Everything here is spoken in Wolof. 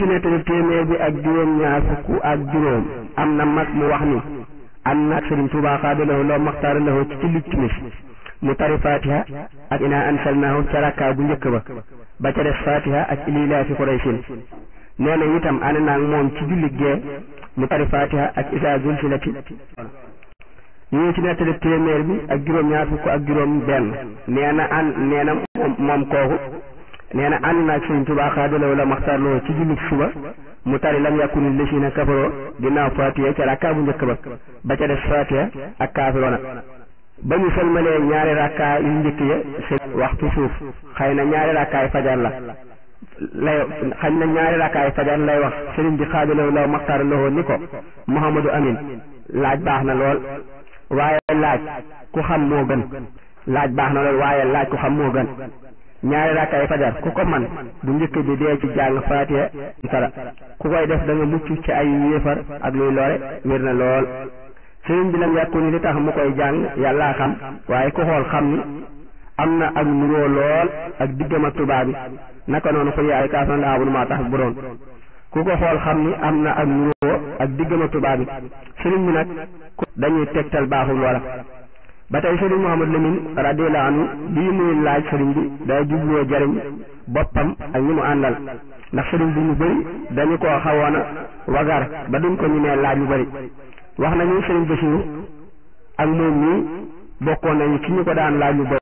ci nettali téeméer bi ak juróom ñaar fukk ak juróom am na mag mu wax ni am na sëriñ Tuubaa xaadalawo loo maxtaara lawo ci ci lucc mis mu tari fatiha ak inaa ansalnaahu ca rakkaa bu njëkk ba ba ca def fatiha ak ililaafi quraysin nee na itam ànd naag moom ci julli gee mu tari fatiha ak isaa zulsilati yii ci nettali téeméer bi ak juróom ñaar fukk ak juróom benn nee na an moom kooku nee na ànd naag sëriñ Tuubaa xaadalaw la maxtarloo ci jullit suba mu tari lam yàkkunil lësina kafaroo ginnaaw fatiha ca rakkaa bu njëkk ba ba ca des fatiha ak kaafiroona ba ñu sëlmalee ñaari rakkaa yu njëkk ya së waxtu suuf xëy na ñaari rakkaay fajar la lay xëy na ñaari rakkaay fajar lay wax sëriñ bi xaadalaw la maxtarloo ni ko Mouhamadou Amin laaj baax na lool waaye laaj ku xam moo gën laaj baax na lool waaye laaj ku xam moo gën ñaari raakaay fajar ku ko man bu njëkk bi dee ci jàng faatiha sara ku koy def da mucc ci ay yéefar ak luy lore wér na lool sëriñ bi nag yàkku ni li tax mu koy jàng yàllaa xam waaye ku xool xam ni am na ak nuroo lool ak diggam ak tubaab bi naka noonu xul yaay kaafan laa bu maa tax bu doon ku ko xool xam ni am na ak nuroo ak diggam ak tubaab bi sëriñ bi dañuy tegtal baaxul loola ba tey sëriñ Mouhamadou Lamine radiyallahu anhu bii muy laaj sëriñ bi day jubloo jariñ boppam ak ñi mu àndal ndax sëriñ bi ñu bëri dañu koo xawoon a wagar ba duñ ko ñu nee laaj yu bëri wax nañu sëriñ Basiru ak moom mii bokkoon nañu ci ñu ko daan laaj yu bëri